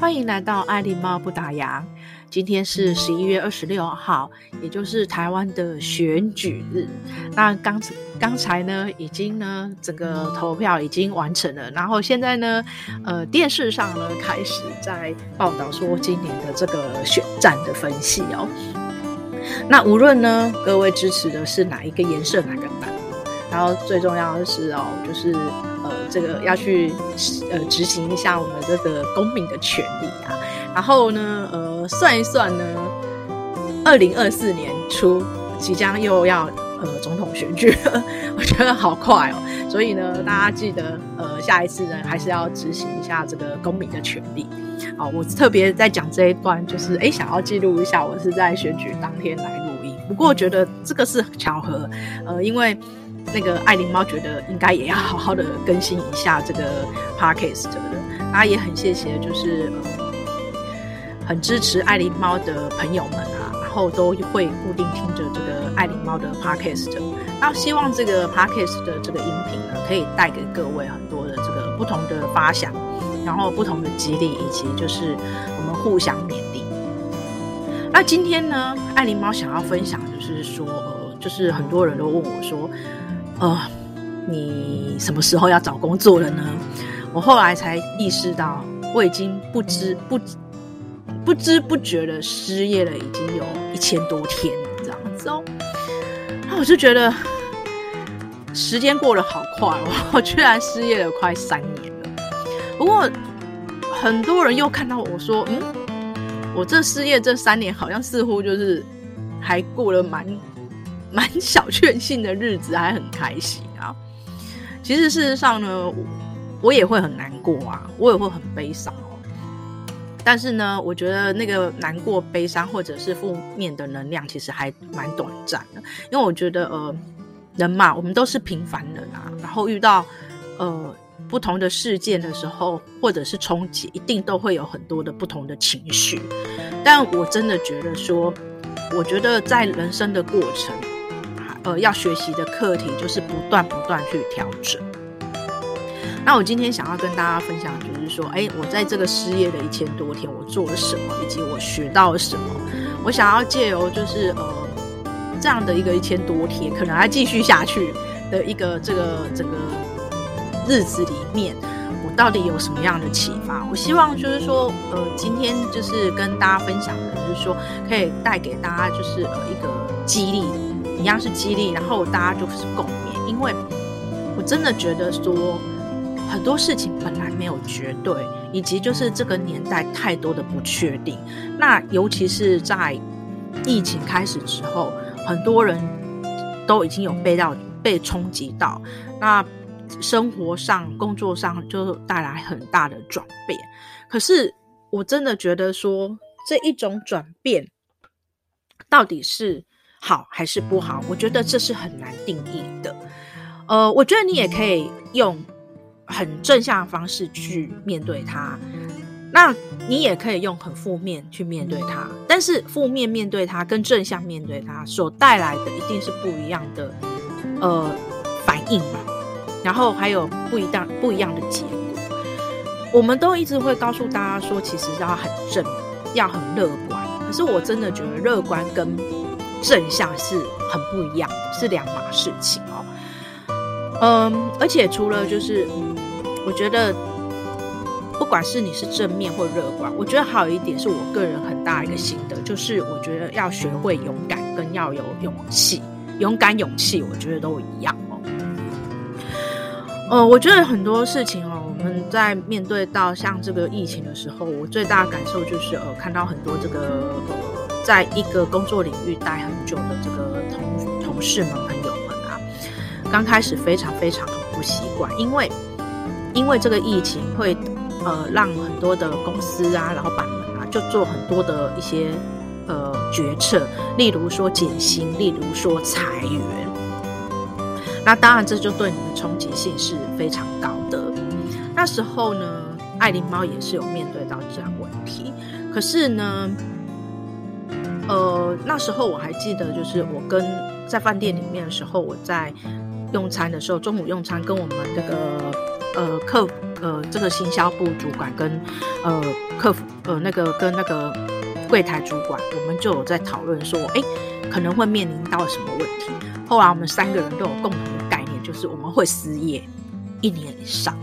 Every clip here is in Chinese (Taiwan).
歡迎來到愛麗貓不打烊。今天是十一月二十六號，也就是台灣的選舉日。那剛剛才呢，已經呢，整個投票已經完成了。然後現在呢，呃，電視上呢開始在報道說今年的這個選戰的分析哦。那無論呢，各位支持的是哪一個顏色，哪個黨，然後最重要的是哦，就是。呃，這個要去呃執行一下我們這個公民的權利啊。然後呢，呃，算一算呢，二零二四年初即將又要呃總統選舉了，我覺得好快哦。所以呢，大家記得呃下一次呢還是要執行一下這個公民的權利。好、哦，我特別在講這一段，就是哎想要記錄一下，我是在選舉當天來錄音。不過我覺得這個是巧合，呃，因為。那個愛林貓覺得應該也要好好的更新一下這個 podcast 的，那也很謝謝就是很支持愛林貓的朋友們啊，然後都會固定聽着這個愛林貓的 podcast，的那希望這個 podcast 的這個音頻呢，可以帶給各位很多的這個不同的發想，然後不同的激勵，以及就是我們互相勉勵。那今天呢，愛林貓想要分享就是說呃，就是很多人都問我說。啊、哦，你什麼時候要找工作了呢？我後來才意識到，我已經不知不不知不覺的失業了，已經有一千多天了，這樣子哦。那我就覺得時間過得好快哦，我居然失業了快三年了。不過很多人又看到我說，嗯，我這失業這三年，好像似乎就是還過得蠻蠻小確幸的日子還很開心啊！其實事實上呢，我，我也會很難過啊，我也會很悲傷哦、啊。但是呢，我覺得那個難過、悲傷或者是負面的能量，其實還蠻短暫的。因為我覺得，呃，人嘛，我們都是平凡人啊。然後遇到呃不同的事件的時候，或者是衝擊，一定都會有很多的不同的情緒。但我真的覺得說，我覺得在人生的過程。呃，要學習的課題就是不斷、不斷去調整。那我今天想要跟大家分享，就是說，哎、欸，我在這個失業的一千多天，我做了什麼，以及我學到了什麼。我想要借由就是呃這樣的一個一千多天，可能還繼續下去的一個這個這個日子裡面，我到底有什麼樣的啟發？我希望就是說，呃，今天就是跟大家分享的，就是說，可以帶給大家就是呃一個激勵。一樣是激勵，然後大家就是共勉。因為我真的覺得說很多事情本來沒有絕對，以及就是這個年代太多的不確定，那尤其是在疫情開始之後，很多人都已經有被到，被衝擊到，那生活上、工作上就帶來很大的轉變。可是我真的覺得說這一種轉變到底是？好還是不好？我覺得這是很難定義的。呃，我覺得你也可以用很正向的方式去面對它，那你也可以用很負面去面對它。但是負面面對它跟正向面對它所帶來的一定是不一樣的呃反應吧？然後還有不一樣不一樣的結果。我們都一直會告訴大家說，其實要很正，要很樂觀。可是我真的覺得樂觀跟正向是很不一樣，是兩碼事情哦。嗯，而且除了就是，嗯，我覺得不管是你是正面或樂觀，我覺得還有一點是我個人很大一個心得，就是我覺得要學會勇敢，跟要有勇氣，勇敢勇氣，我覺得都一樣哦、嗯。我覺得很多事情哦，我們在面對到像這個疫情的時候，我最大的感受就是，呃，看到很多這個。在一個工作領域待很久的這個同同事們、朋友們啊，剛開始非常非常的不習慣，因為因為這個疫情會呃讓很多的公司啊、老闆們啊就做很多的一些呃決策，例如說減薪，例如說裁員。那當然，這就對你們的衝擊性是非常高的。那時候呢，愛琳貓也是有面對到這樣問題，可是呢。呃，那時候我還記得，就是我跟在飯店裡面的時候，我在用餐的時候，中午用餐，跟我們那個呃客呃這個行銷部主管跟呃客服呃那個跟那個櫃台主管，我們就有在討論說，哎，可能會面臨到什麼問題。後來我們三個人都有共同的概念，就是我們會失業一年以上。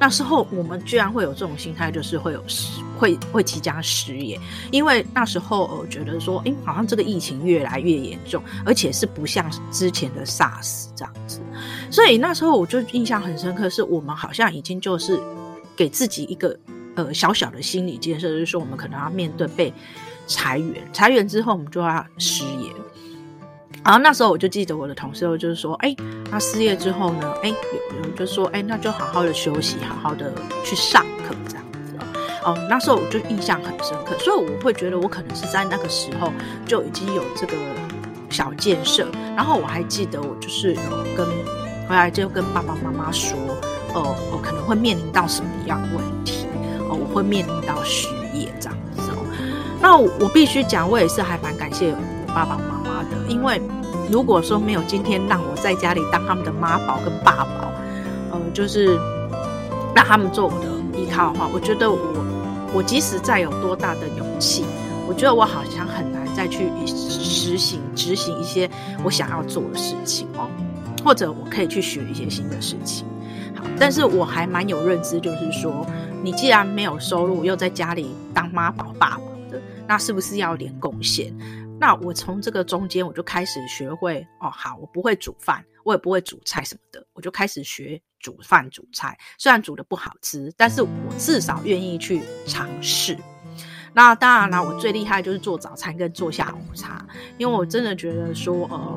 那時候我們居然會有這種心態，就是會有失，會會即將失業，因為那時候我覺得說，哎、欸，好像這個疫情越來越嚴重，而且是不像之前的 SARS 這樣子，所以那時候我就印象很深刻，是我們好像已經就是給自己一個呃小小的心理建設，就是說我們可能要面對被裁員，裁員之後我們就要失業。然後那時候我就記得我的同事就是說，哎、欸，那失業之後呢？哎、欸，有人就說，哎、欸，那就好好的休息，好好的去上課這樣子哦、哦。那時候我就印象很深刻，所以我會覺得我可能是在那個時候就已經有這個小建設。然後我還記得我就是跟後來、嗯嗯、就跟爸爸媽媽說，哦、呃，我可能會面臨到什麼樣的問題？哦、呃，我會面臨到失業這樣的時候。那我，我必須講，我也是還蠻感謝我爸爸媽媽的，因為，如果說沒有今天讓我在家裡當他們的媽寶跟爸寶，嗯，就是讓他們做我的依靠的話，我覺得我我即使再有多大的勇氣，我覺得我好像很難再去執行執行一些我想要做的事情哦，或者我可以去學一些新的事情。好，但是我還蠻有認知，就是說，你既然沒有收入，又在家裡當媽寶爸寶的，那是不是要點貢獻？那我從這個中間我就開始學會哦，好，我不會煮飯，我也不會煮菜什麼的，我就開始學煮飯煮菜。雖然煮得不好吃，但是我至少願意去嘗試。那當然啦，我最厲害的就是做早餐跟做下午茶，因為我真的覺得說，呃，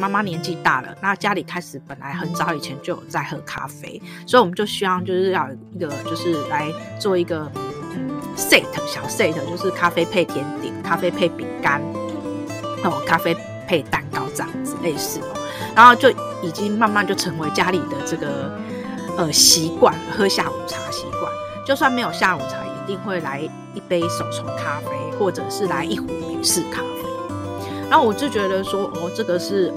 媽媽年紀大了，那家裡開始本來很早以前就有在喝咖啡，所以我們就希望就是要一個就是來做一個 set 小 set，就是咖啡配甜點，咖啡配餅乾。那咖啡配蛋糕這樣子類似哦，然後就已經慢慢就成為家裡的這個呃習慣，喝下午茶習慣，就算沒有下午茶，一定會來一杯手沖咖啡，或者是來一壺美式咖啡。然後我就覺得說，哦，這個是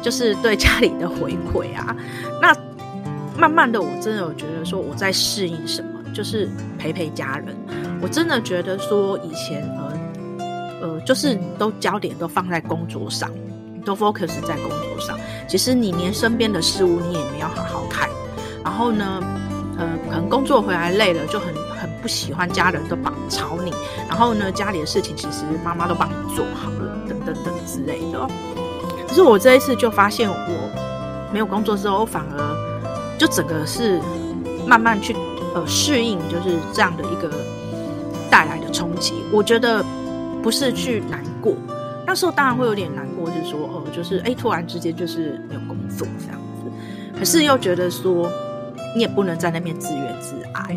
就是對家裡的回饋啊。那慢慢的，我真的有覺得說我在適應什麼，就是陪陪家人。我真的覺得說以前呃。呃，就是都焦點都放在工作上，都 focus 在工作上。其實你連身邊的事物你也沒有好好看。然後呢，呃，可能工作回來累了，就很很不喜歡家人都吵你，你。然後呢，家裡的事情其實媽媽都幫你做好了，等，等等等之類的。可是我這一次就發現，我沒有工作之後，反而就整個是慢慢去呃適應，就是這樣的一個帶來的衝擊。我覺得。不是去難過，那時候當然會有點難過，就是說哦、呃，就是誒、欸，突然之間就是沒有工作這樣子。可是又覺得說，你也不能在那邊自怨自艾，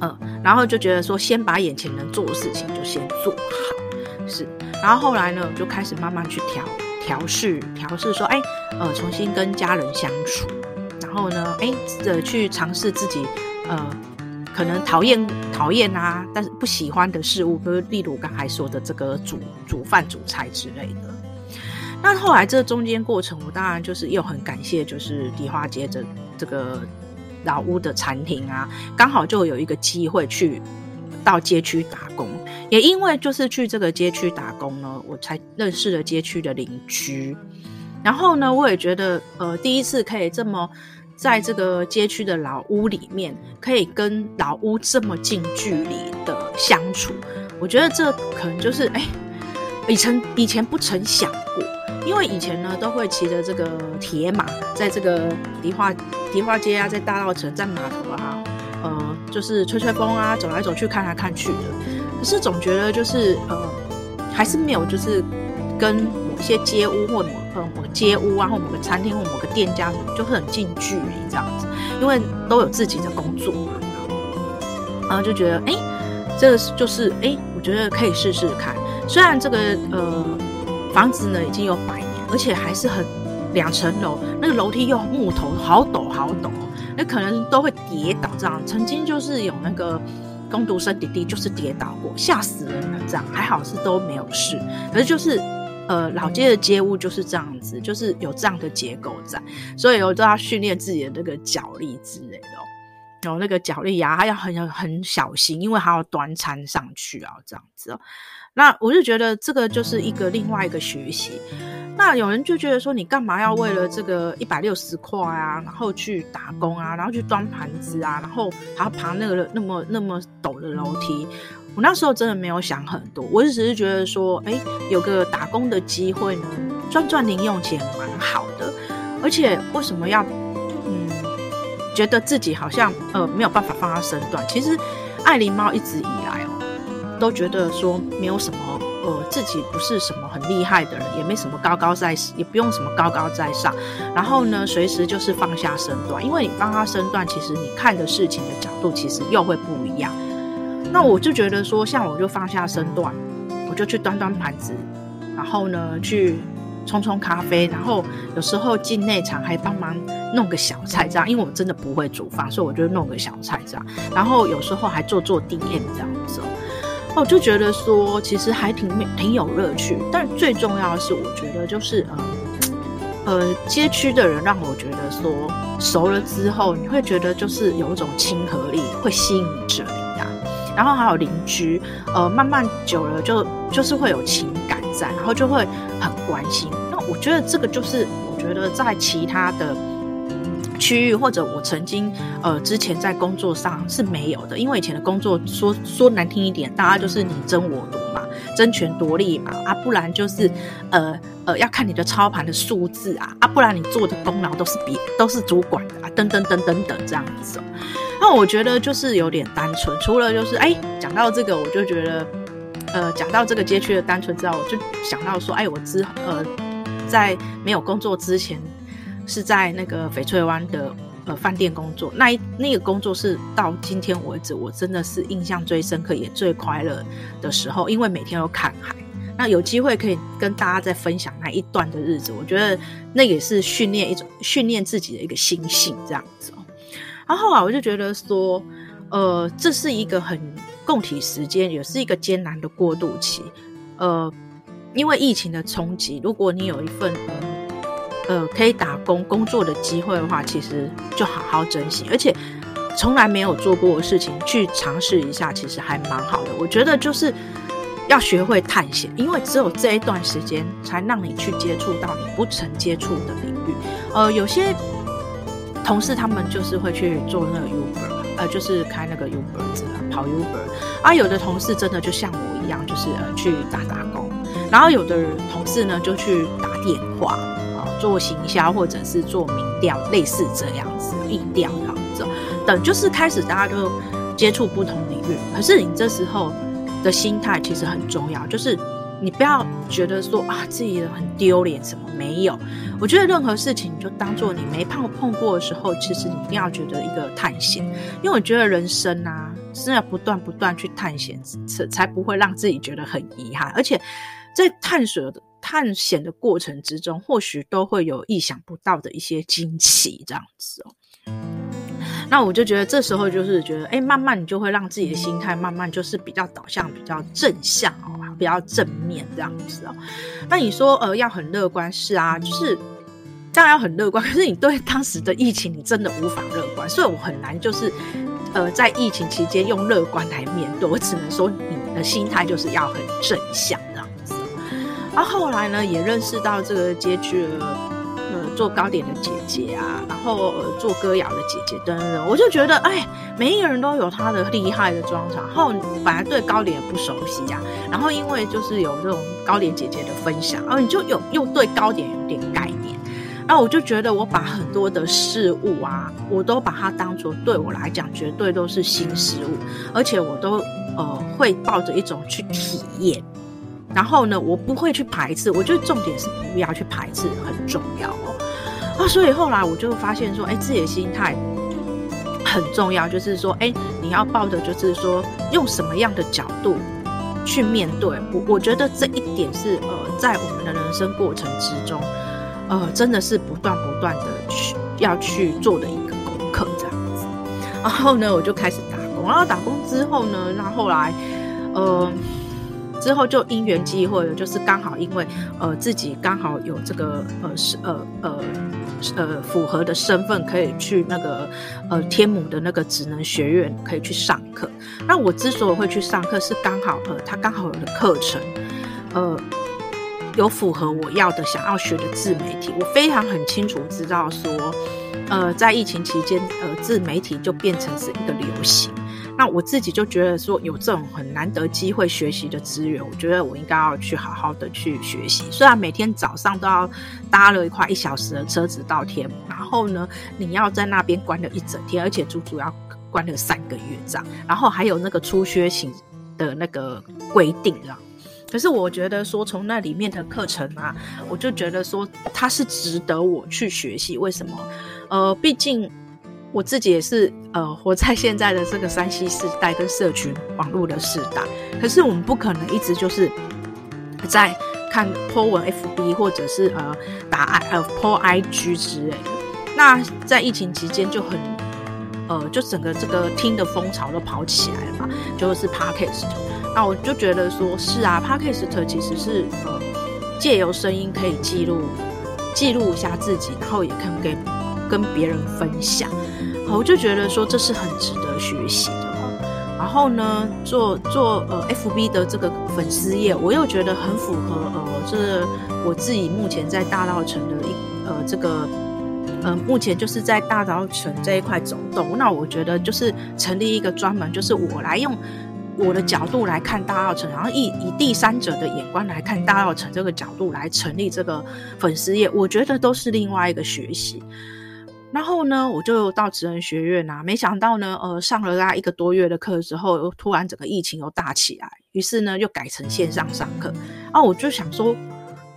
嗯、呃，然後就覺得說，先把眼前能做的事情就先做好，是，然後後來呢，就開始慢慢去調調試調試，說哎、欸，呃，重新跟家人相處，然後呢，哎、欸，呃，去嘗試自己，呃。可能討厭討厭啊，但是不喜歡的事物，就是例如剛才說的這個煮煮飯煮菜之類的。那後來這中間過程，我當然就是又很感謝，就是迪化街這這個老屋的餐廳啊，剛好就有一個機會去到街區打工。也因為就是去這個街區打工呢，我才認識了街區的鄰居。然後呢，我也覺得呃，第一次可以這麼。在這個街區的老屋裡面，可以跟老屋這麼近距離的相處，我覺得這可能就是哎、欸，以前以前不曾想過，因為以前呢，都會騎着這個鐵馬，在這個迪化、迪化街啊，在大稻埕在碼頭啊，呃，就是吹吹風啊，走來走去，看來看去的，可是總覺得就是呃，還是沒有就是跟。一些街屋或者某、某個街屋啊，或某個餐廳或某個店家，就是、很近距離這樣子，因為都有自己的工作嘛，然後就覺得哎、欸，這個就是哎、欸，我覺得可以試試看。雖然這個呃房子呢已經有百年，而且還是很兩層樓，那個樓梯又木頭，好陡好陡，那、欸、可能都會跌倒這樣。曾經就是有那個工讀生弟弟就是跌倒過，嚇死人了這樣，還好是都沒有事，可是就是。呃，老街的街屋就是這樣子，就是有這樣的結構在，所以我都要訓練自己的那個腳力之類的，哦，有那個腳力呀、啊，還要很很小心，因為還要端餐上去啊，這樣子哦、喔。那我就覺得這個就是一個另外一個學習。那有人就覺得說，你幹嘛要為了這個一百六十塊啊，然後去打工啊，然後去端盤子啊，然後還要爬旁那個那麼那麼陡的樓梯。我那時候真的沒有想很多，我只是覺得說，哎、欸，有個打工的機會呢，賺賺零用錢蠻好的。而且為什麼要，嗯，覺得自己好像呃沒有辦法放下身段？其實，愛琳貓一直以來哦，都覺得說沒有什麼呃自己不是什麼很厲害的人，也沒什麼高高在，也不用什麼高高在上。然後呢，隨時就是放下身段，因為你放下身段，其實你看的事情的角度其實又會不一樣。那我就覺得說，像我就放下身段，我就去端端盤子，然後呢去沖沖咖啡，然後有時候進內場還幫忙弄個小菜這樣，因為我真的不會煮飯，所以我就弄個小菜這樣，然後有時候還做做 DM 這樣子。哦，我就覺得說，其實還挺挺有樂趣。但最重要的是，我覺得就是呃呃街區的人讓我覺得說熟了之後，你會覺得就是有一種親和力，會吸引着。然後還有鄰居，呃，慢慢久了就就是會有情感在，然後就會很關心。那我覺得這個就是，我覺得在其他的區域或者我曾經呃之前在工作上是沒有的，因為以前的工作說說難聽一點，大家就是你爭我奪嘛，爭權奪利嘛，啊，不然就是呃呃要看你的操盤的數字啊，啊，不然你做的功勞都是別都是主管的啊，等等等等等這樣子哦。那我覺得就是有點單純，除了就是哎，講到這個，我就覺得，呃，講到這個街區的單純之後，我就想到說，哎，我之呃，在沒有工作之前，是在那個翡翠灣的呃飯店工作，那那個工作是到今天為止，我真的是印象最深刻也最快樂的時候，因為每天都看海，那有機會可以跟大家再分享那一段的日子，我覺得那也是訓練一種訓練自己的一個心性這樣子。然後啊，我就覺得說，呃，這是一個很共體時間，也是一個艱難的過渡期，呃，因為疫情的衝擊，如果你有一份，呃，可以打工工作的機會的話，其實就好好珍惜，而且從來沒有做過的事情去嘗試一下，其實還蠻好的。我覺得就是要學會探險，因為只有這一段時間才讓你去接觸到你不曾接觸的領域，呃，有些。同事他們就是會去做那個 Uber，呃，就是開那個 Uber 車跑 Uber，啊，有的同事真的就像我一樣，就是呃去打打工，然後有的同事呢就去打電話啊、呃，做行銷或者是做民調，類似這樣子，民調這樣子，等，就是開始大家都接觸不同領域，可是你這時候的心態其實很重要，就是。你不要覺得說啊，自己很丟臉什麼沒有。我覺得任何事情，你就當做你沒碰碰過的時候，其實你一定要覺得一個探險。因為我覺得人生啊，是要不斷不斷去探險，才才不會讓自己覺得很遺憾。而且在探索的探險的過程之中，或許都會有意想不到的一些驚喜，這樣子哦。那我就覺得這時候就是覺得，哎，慢慢你就會讓自己的心態慢慢就是比較導向，比較正向哦。比較正面這樣子哦、喔，那你說呃，要很樂觀，是啊，就是當然要很樂觀，可是你對當時的疫情你真的無法樂觀，所以我很難就是呃在疫情期間用樂觀來面對，我只能說你的心態就是要很正向這樣子。而後，後來呢，也認識到這個結局了。做糕點的姐姐啊，然後呃做歌謠的姐姐等等，我就覺得哎，每一個人都有他的厲害的專長。然後本來對糕點也不熟悉呀、啊，然後因為就是有這種糕點姐姐的分享，然、啊、後你就有又對糕點有點概念。然後我就覺得我把很多的事物啊，我都把它當作對我來講絕對都是新事物，而且我都呃會抱着一種去體驗。然後呢，我不會去排斥，我覺得重點是不要去排斥，很重要哦。啊、哦，所以後來我就發現說，哎、欸，自己的心態很重要，就是說，哎、欸，你要抱著，就是說，用什麼樣的角度去面對。我，我覺得這一點是，呃，在我們的人生過程之中，呃，真的是不斷不斷的去要去做的一個功課，這樣子。然後呢，我就開始打工。然後打工之後呢，那後來，呃，之後就因緣際會，就是剛好因為，呃，自己剛好有這個，呃，是，呃，呃。呃，符合的身份可以去那個，呃，天母的那個職能學院可以去上課。那我之所以會去上課，是剛好，呃，他剛好有的課程，呃，有符合我要的想要學的自媒體。我非常很清楚知道說，呃，在疫情期間，呃，自媒體就變成是一個流行。那我自己就覺得說，有這種很難得機會學習的資源，我覺得我應該要去好好的去學習。雖然每天早上都要搭了一塊一小時的車子到天母，然後呢，你要在那邊關了一整天，而且足足要關了三個月這樣。然後還有那個出學型的那個規定了、啊。可是我覺得說，從那裡面的課程啊，我就覺得說它是值得我去學習。為什麼？呃，畢竟。我自己也是，呃，活在現在的這個 3C 時代跟社群網絡的時代。可是我們不可能一直就是在看 po 文 FB 或者是呃打 I 呃 poIG 之類的。那在疫情期間就很，呃，就整個這個聽的風潮都跑起來了嘛，就是 Podcast。那我就覺得說，是啊，Podcast 其實是呃借由聲音可以記錄記錄一下自己，然後也可以跟別人分享。我就覺得說這是很值得學習的，然後呢，做做呃，FB 的這個粉絲頁，我又覺得很符合呃，就是我自己目前在大稻埕的一呃這個，嗯、呃，目前就是在大稻埕這一塊走動，那我覺得就是成立一個專門，就是我來用我的角度來看大稻埕，然後以以第三者的眼光來看大稻埕這個角度來成立這個粉絲頁，我覺得都是另外一個學習。然後呢，我就到職人學院啊，沒想到呢，呃，上了大概一個多月的課之後，突然整個疫情又大起來，於是呢，又改成線上上課。啊，我就想說，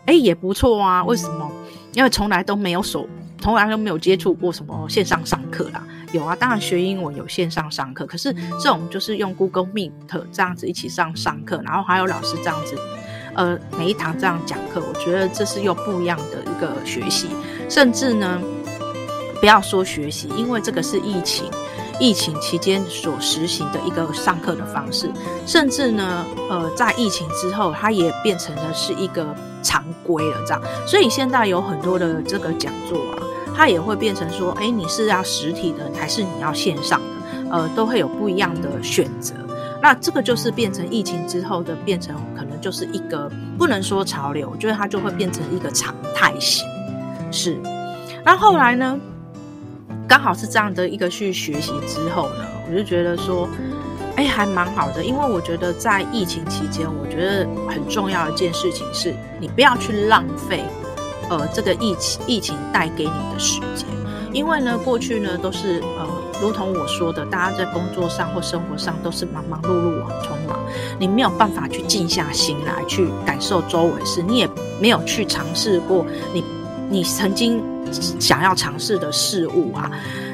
哎，也不錯啊。為什麼？因為從來都沒有手，從來都沒有接觸過什麼線上上課啦。有啊，當然學英文有線上上課，可是這種就是用 Google Meet 這樣子一起上上課，然後還有老師這樣子，呃，每一堂這樣講課，我覺得這是又不一樣的一個學習，甚至呢。不要說學習，因為這個是疫情疫情期間所實行的一個上課的方式，甚至呢，呃，在疫情之後，它也變成了是一個常規了這樣。所以現在有很多的這個講座啊，它也會變成說，誒、欸，你是要實體的還是你要線上的？呃，都會有不一樣的選擇。那這個就是變成疫情之後的，變成可能就是一個不能說潮流，就是它就會變成一個常態型。是，那後來呢？剛好是這樣的一個去學習之後呢，我就覺得說，哎、欸，還蠻好的。因為我覺得在疫情期間，我覺得很重要一件事情是，你不要去浪費，呃，這個疫情疫情帶給你的時間。因為呢，過去呢都是呃，如同我說的，大家在工作上或生活上都是忙忙碌碌、碌，往匆忙，你沒有辦法去靜下心來去感受周圍事，你也沒有去嘗試過你。你曾經想要嘗試的事物啊，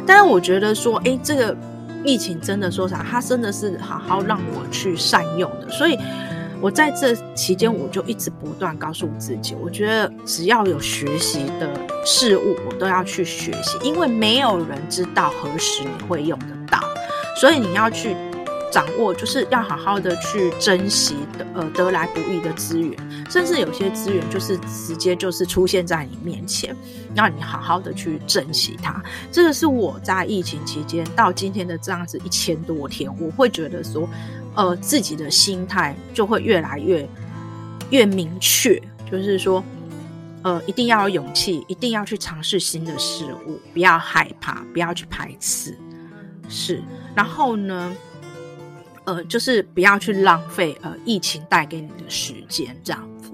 但是我覺得說，誒，這個疫情真的說啥，它真的是好好讓我去善用的。所以，我在這期間，我就一直不斷告訴自己，我覺得只要有學習的事物，我都要去學習，因為沒有人知道何時你會用得到，所以你要去。掌握就是要好好的去珍惜的，呃，得來不易的資源，甚至有些資源就是直接就是出現在你面前，讓你好好的去珍惜它。這個是我在疫情期間到今天的這樣子一千多天，我會覺得說，呃，自己的心態就會越來越越明確，就是說，呃，一定要有勇氣，一定要去嘗試新的事物，不要害怕，不要去排斥。是，然後呢，呃，就是不要去浪費呃疫情帶給你的時間這樣子。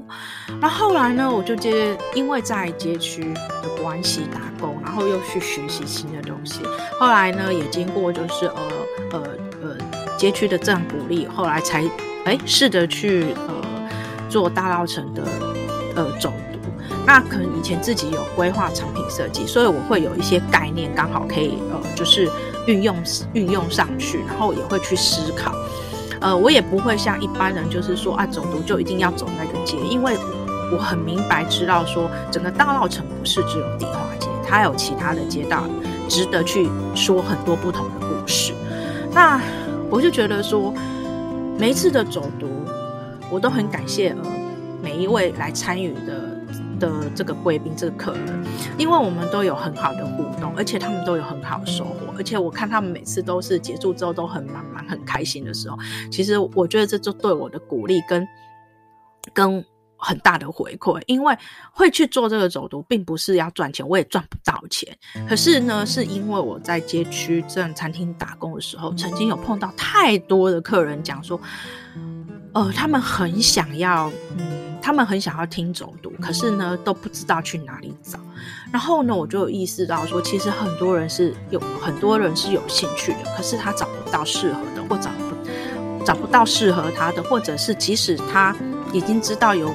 然後後來呢，我就接因為在街區的關係打工，然後又去學習新的東西。後來呢，也經過就是呃呃呃街區的這樣鼓勵，後來才誒試着去呃做大稻埕的呃走讀。那可能以前自己有規劃產品設計，所以我會有一些概念，剛好可以呃就是。運用運用上去，然後也會去思考。呃，我也不會像一般人，就是說啊，走讀就一定要走那個街，因為我很明白知道說，整個大稻埕不是只有迪化街，它有其他的街道值得去說很多不同的故事。那我就覺得說，每一次的走讀，我都很感謝呃每一位來參與的。的這個貴賓，這個客人，因為我們都有很好的互動，而且他們都有很好的收穫，而且我看他們每次都是結束之後都很滿滿很開心的時候。其實我覺得這就對我的鼓勵跟跟很大的回饋，因為會去做這個走讀，並不是要賺錢，我也賺不到錢。可是呢，是因為我在街區這餐廳打工的時候，曾經有碰到太多的客人講說，呃，他們很想要嗯。他們很想要聽走讀，可是呢，都不知道去哪裡找。然後呢，我就有意識到說，其實很多人是有很多人是有興趣的，可是他找不到適合的，或找不找不到適合他的，或者是即使他已經知道有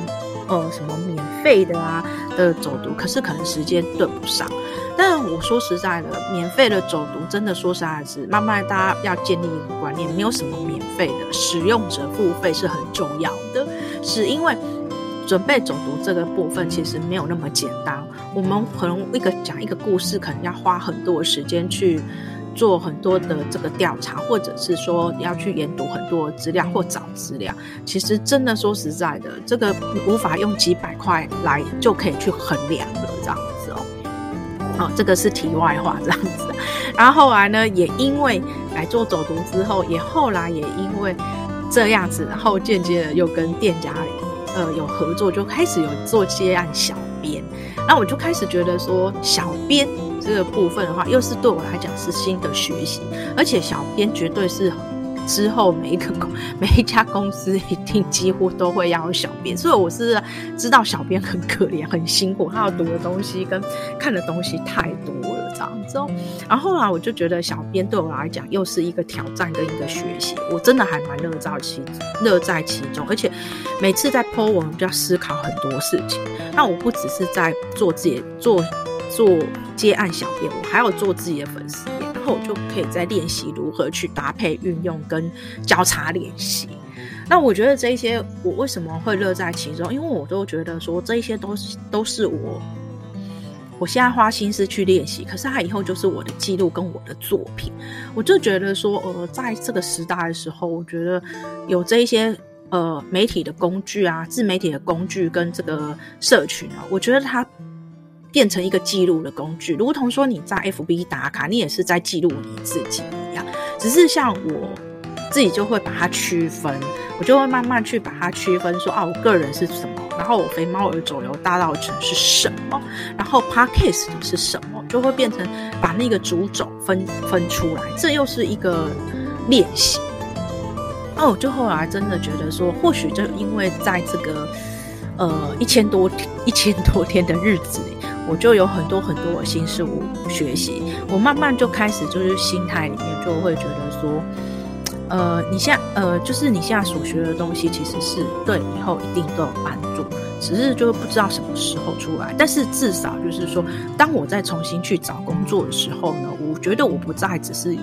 呃什麼免費的啊的走讀，可是可能時間對不上。但是我說實在的，免費的走讀真的說實在是，是慢慢大家要建立一個觀念，沒有什麼免費的，使用者付費是很重要的，是因為。準備走讀這個部分其實沒有那麼簡單，我們可能一個講一個故事，可能要花很多時間去做很多的這個調查，或者是說要去研讀很多資料或找資料。其實真的說實在的，這個無法用幾百塊來就可以去衡量的這樣子哦。哦，這個是題外話，這樣子。然後後來呢，也因為來做走讀之後，也後來也因為這樣子，然後間接的又跟店家。呃，有合作就開始有做接案小編，那我就開始覺得說，小編這個部分的話，又是對我來講是新的學習，而且小編絕對是之後每一個公每一家公司一定幾乎都會要小編，所以我是知道小編很可憐，很辛苦，他要讀的東西跟看的東西太多了。之後，然後後來、啊、我就覺得小編對我來講又是一個挑戰跟一個學習，我真的還蠻樂在其樂在其中，而且每次在 PO，我們就要思考很多事情。那我不只是在做自己做做接案小編，我還有做自己的粉絲，然後我就可以在練習如何去搭配運用跟交叉練習。那我覺得這一些我為什麼會樂在其中，因為我都覺得說這一些都是都是我。我現在花心思去練習，可是它以後就是我的記錄跟我的作品。我就覺得說，呃，在這個時代的時候，我覺得有這一些呃媒體的工具啊，自媒體的工具跟這個社群啊，我覺得它變成一個記錄的工具，如同說你在 FB 打卡，你也是在記錄你自己一樣。只是像我自己就會把它區分，我就會慢慢去把它區分說，說啊，我個人是什麼。然後我肥貓的走留大道成是什麼？然後 podcast 的是什麼？就會變成把那個主軸分分出來，這又是一個練習。那我就後來真的覺得說，或許就因為在這個呃一千多天一千多天的日子裡，我就有很多很多的新事物學習，我慢慢就開始就是心態裡面就會覺得說。呃，你現在呃，就是你現在所學的東西，其實是對以後一定都有幫助，只是就不知道什麼時候出來。但是至少就是說，當我再重新去找工作的時候呢，我覺得我不再只是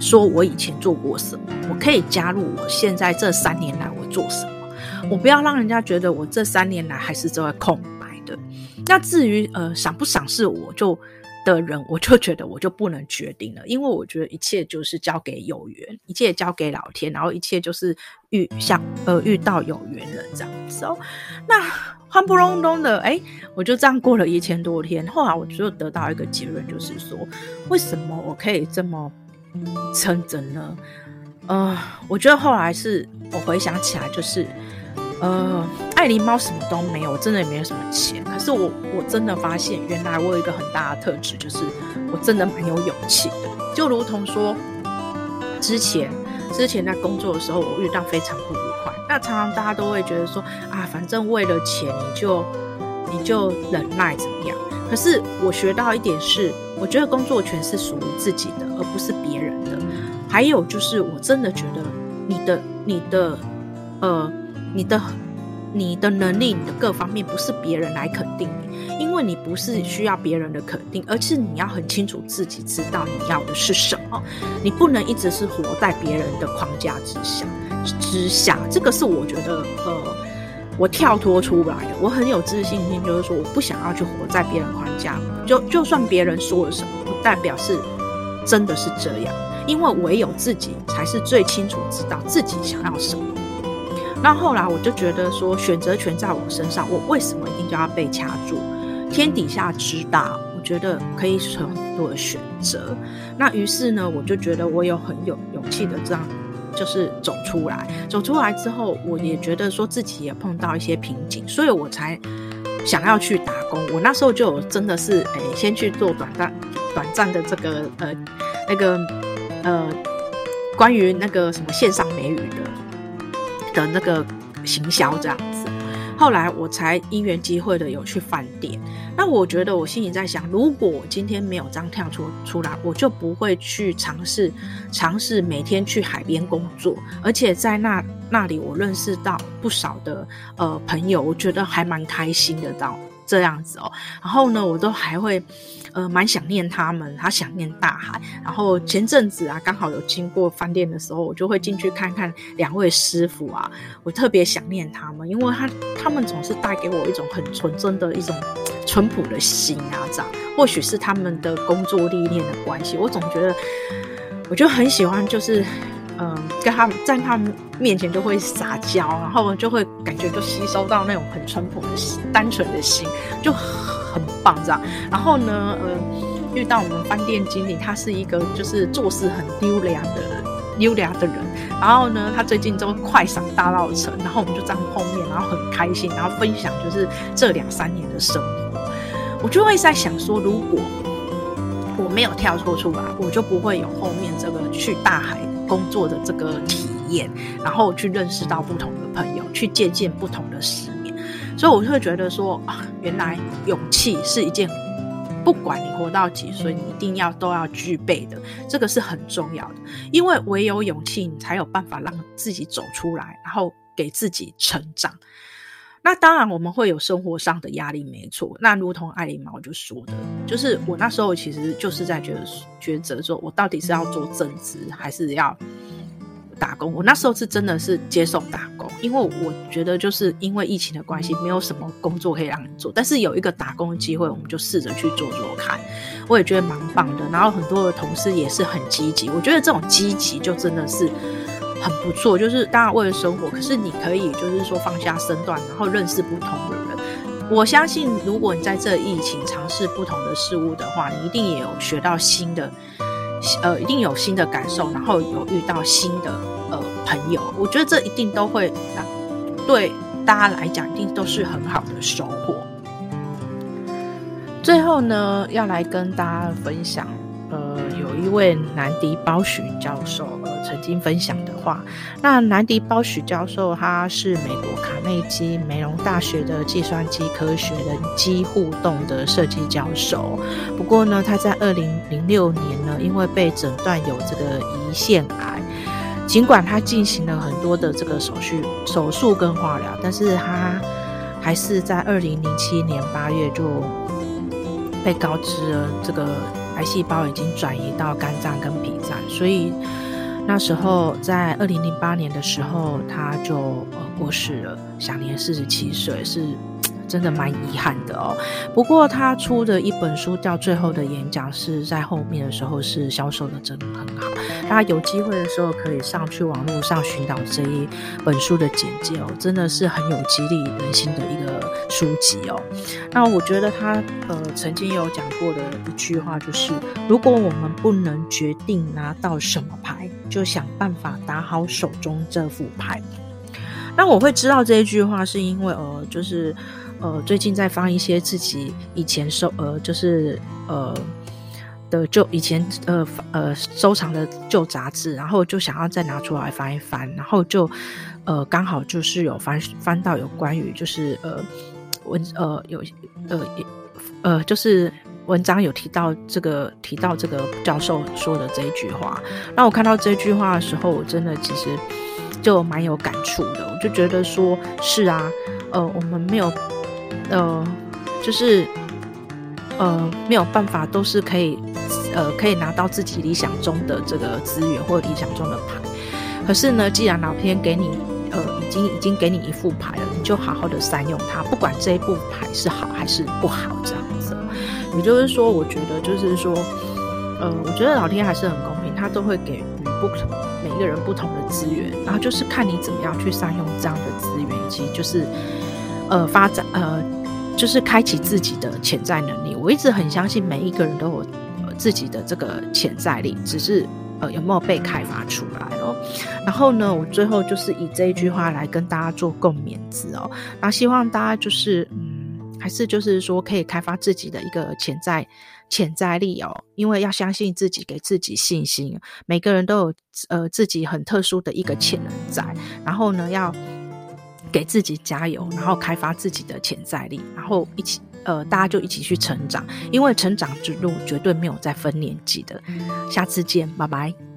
說我以前做過什麼，我可以加入我現在這三年來我做什麼，我不要讓人家覺得我這三年來還是這在空白的。那至於呃賞不賞識我就的人，我就覺得我就不能決定了，因為我覺得一切就是交給有緣，一切交給老天，然後一切就是遇像呃遇到有緣人這樣子哦。那轟不隆咚的哎，我就這樣過了一千多天。後來我就得到一個結論，就是說為什麼我可以這麼撐著呢？呃，我覺得後來是我回想起來就是。呃，愛狸貓什麼都沒有，我真的也沒有什麼錢。可是我我真的發現，原來我有一個很大的特質，就是我真的蠻有勇氣的。就如同說，之前之前在工作的時候，我遇到非常不愉快。那常常大家都會覺得說，啊，反正為了錢，你就你就忍耐怎麼樣？可是我學到一點是，我覺得工作權是屬於自己的，而不是別人的。還有就是，我真的覺得你的你的呃。你的你的能力，你的各方面不是別人來肯定你，因為你不是需要別人的肯定，而是你要很清楚自己，知道你要的是什麼。你不能一直是活在別人的框架之下之下，這個是我覺得呃，我跳脫出來的，我很有自信心，就是說我不想要去活在別人框架，就就算別人說了什麼，不代表是真的是這樣，因為唯有自己才是最清楚知道自己想要什麼。那後來我就覺得說，選擇權在我身上，我為什麼一定就要被掐住？天底下之大，我覺得可以很多的選擇。那於是呢，我就覺得我有很有勇氣的這樣，就是走出來。走出來之後，我也覺得說自己也碰到一些瓶頸，所以我才想要去打工。我那時候就有真的是，哎，先去做短暫、短暫的這個呃那個呃關於那個什麼線上美語的。的那個行銷這樣子，後來我才因緣際會的有去飯店。那我覺得我心裡在想，如果我今天沒有這樣跳出出來，我就不會去嘗試嘗試每天去海邊工作，而且在那那裡我認識到不少的呃朋友，我覺得還蠻開心的到。這樣子哦，然後呢，我都還會，呃，蠻想念他們，他想念大海。然後前陣子啊，剛好有經過飯店的時候，我就會進去看看兩位師傅啊，我特別想念他們，因為他他們總是帶給我一種很純真的一種淳樸的心啊，這樣，或許是他們的工作歷練的關係，我總覺得，我就很喜歡，就是。嗯，跟他們，在他們，在他們面前就會撒嬌，然後就會感覺就吸收到那種很淳樸的心、單純的心，就很棒，這樣。然後呢，呃、嗯，遇到我們飯店經理，他是一個就是做事很丟臉的、丟臉的人。然後呢，他最近會快閃大稻埕，然後我們就站在後面，然後很開心，然後分享就是這兩三年的生活。我就會在想說，如果我沒有跳脫出來，我就不會有後面這個去大海工作的這個體驗，然後去認識到不同的朋友，去見見不同的世面。所以我就會覺得說，啊，原來勇氣是一件，不管你活到幾歲，你一定要都要具備的，這個是很重要的，因為唯有勇氣，你才有辦法讓自己走出來，然後給自己成長。那當然，我們會有生活上的壓力，沒錯。那如同艾麗毛就說的，就是我那時候其實就是在覺抉擇，說我到底是要做正職還是要打工。我那時候是真的是接受打工，因為我覺得就是因為疫情的關係，沒有什麼工作可以讓你做，但是有一個打工的機會，我們就試着去做做看。我也覺得蠻棒的。然後很多的同事也是很積極，我覺得這種積極就真的是。很不錯，就是大家為了生活，可是你可以就是說放下身段，然後認識不同的人。我相信，如果你在這疫情嘗試不同的事物的話，你一定也有學到新的，呃，一定有新的感受，然後有遇到新的呃朋友。我覺得這一定都會對大家來講，一定都是很好的收穫。最後呢，要來跟大家分享，呃，有一位蘭迪鮑許教授呃曾經分享的。那蘭迪鮑許教授他是美國卡內基梅隆大學的計算機科學人機互動的設計教授。不過呢，他在二零零六年呢，因為被診斷有這個胰腺癌，儘管他進行了很多的這個手術、手術跟化療，但是他還是在二零零七年八月就被告知了這個癌細胞已經轉移到肝臟跟脾臟，所以。那時候，在二零零八年的時候，他就呃過世了，享年四十七歲，是。真的蠻遺憾的哦。不過他出的一本書叫《最後的演講》，是在後面的時候是銷售的真的很好。大家有機會的時候可以上去網絡上尋找這一本書的簡介哦，真的是很有激勵人心的一個書籍哦。那我覺得他呃曾經也有講過的一句話就是：如果我們不能決定拿到什麼牌，就想辦法打好手中這副牌。那我會知道這一句話，是因為呃，就是。呃，最近在翻一些自己以前收呃，就是呃的舊以前呃呃收藏的舊雜誌，然後就想要再拿出來翻一翻，然後就呃剛好就是有翻翻到有關於就是呃文呃有呃呃就是文章有提到這個提到這個教授說的這一句話，那我看到這句話的時候，我真的其實就蠻有感觸的，我就覺得說，是啊，呃，我們沒有。呃，就是，呃，沒有辦法，都是可以，呃，可以拿到自己理想中的這個資源或者理想中的牌。可是呢，既然老天給你，呃，已經已經給你一副牌了，你就好好的善用它，不管這一副牌是好還是不好，這樣子。也就是說，我覺得就是說，呃，我覺得老天還是很公平，他都會給予不同每一個人不同的資源，然後就是看你怎麼樣去善用這樣的資源，以及就是。呃，發展呃，就是開啟自己的潛在能力。我一直很相信，每一個人都有、呃、自己的這個潛在力，只是呃有沒有被開發出來哦？然後呢，我最後就是以這一句話來跟大家做共勉之哦。那希望大家就是嗯，還是就是說可以開發自己的一個潛在潛在力哦，因為要相信自己，給自己信心。每個人都有呃自己很特殊的一個潛在，然後呢要。給自己加油，然後開發自己的潛在力，然後一起，呃，大家就一起去成長。因為成長之路絕對沒有再分年紀的。下次見，拜拜。